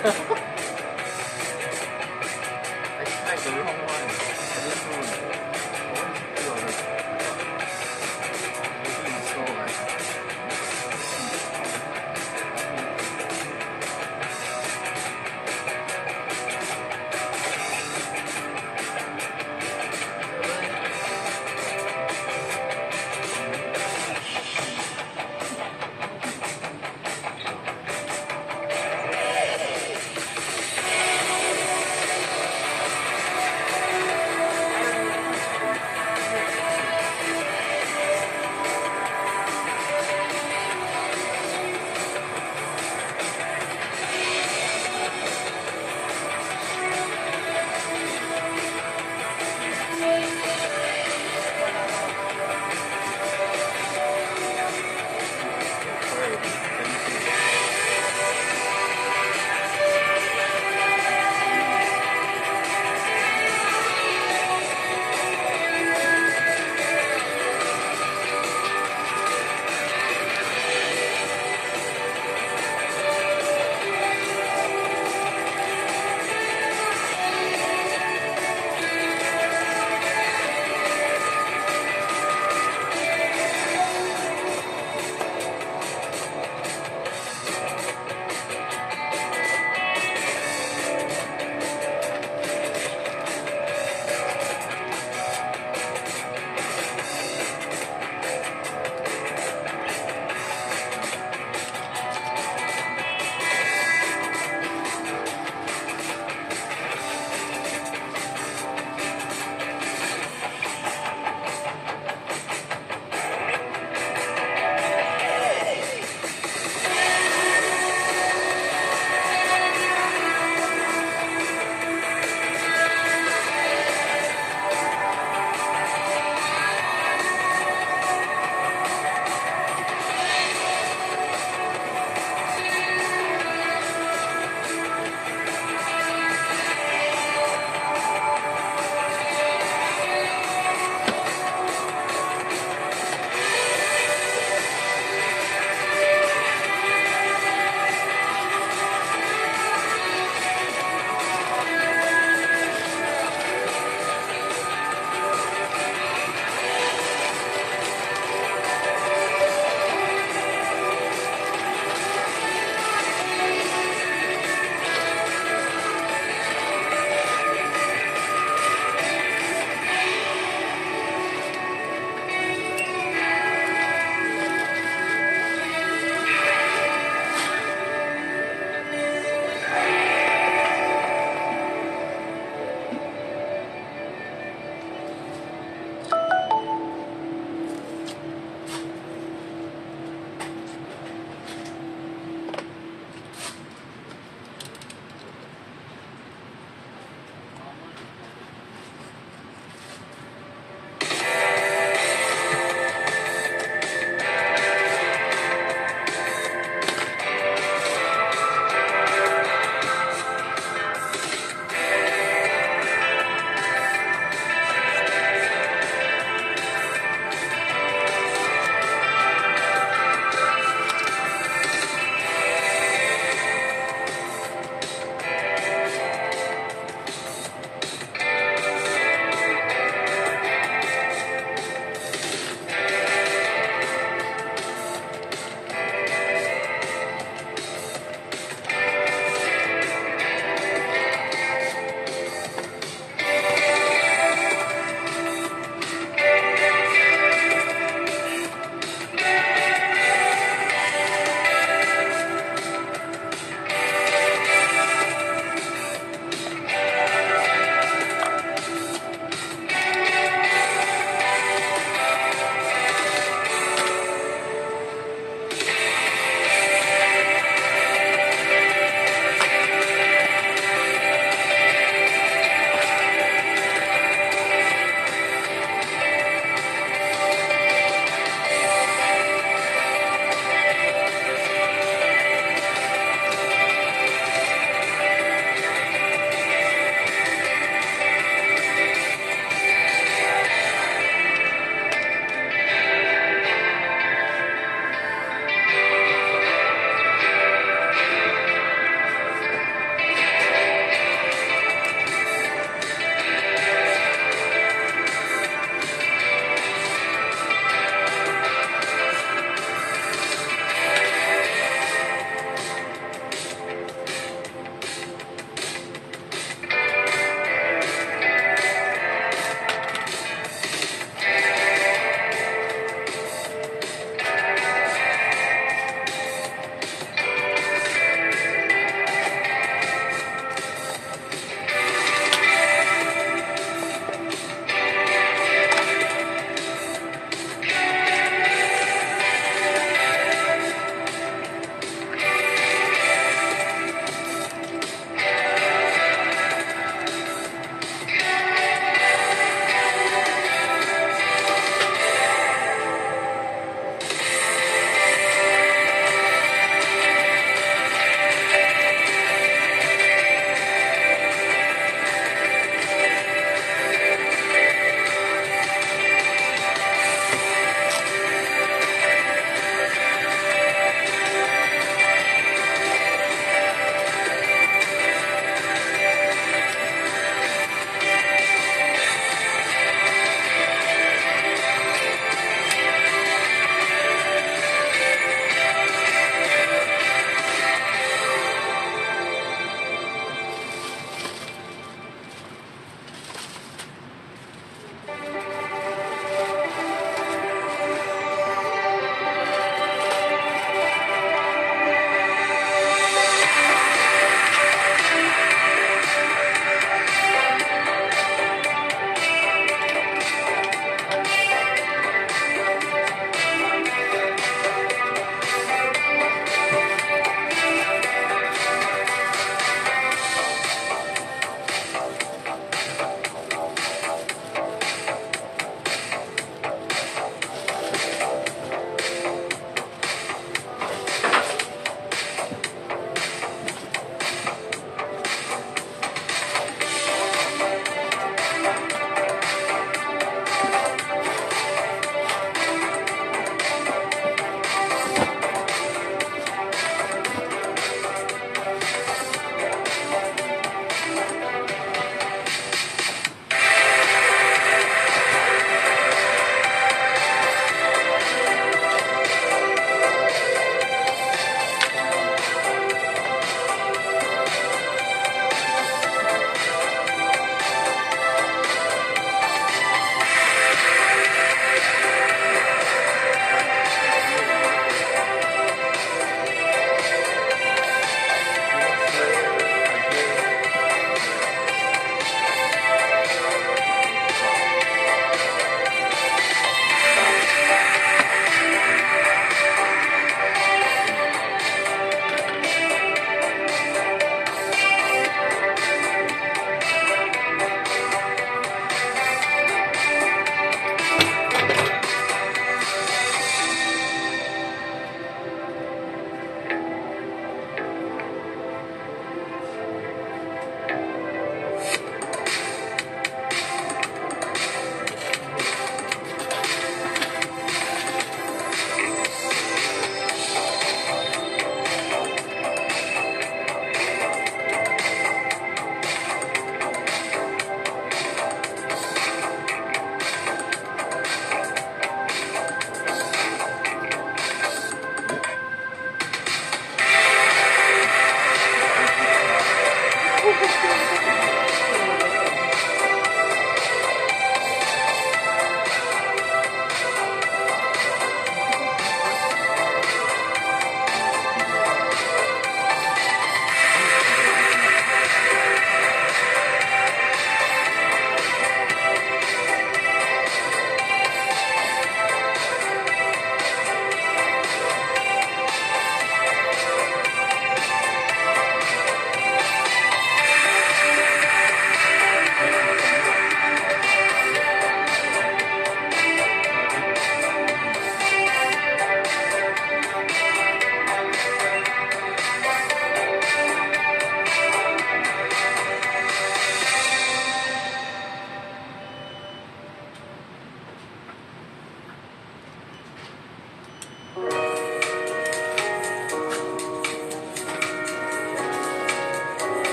Ha ha ha.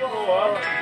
Olha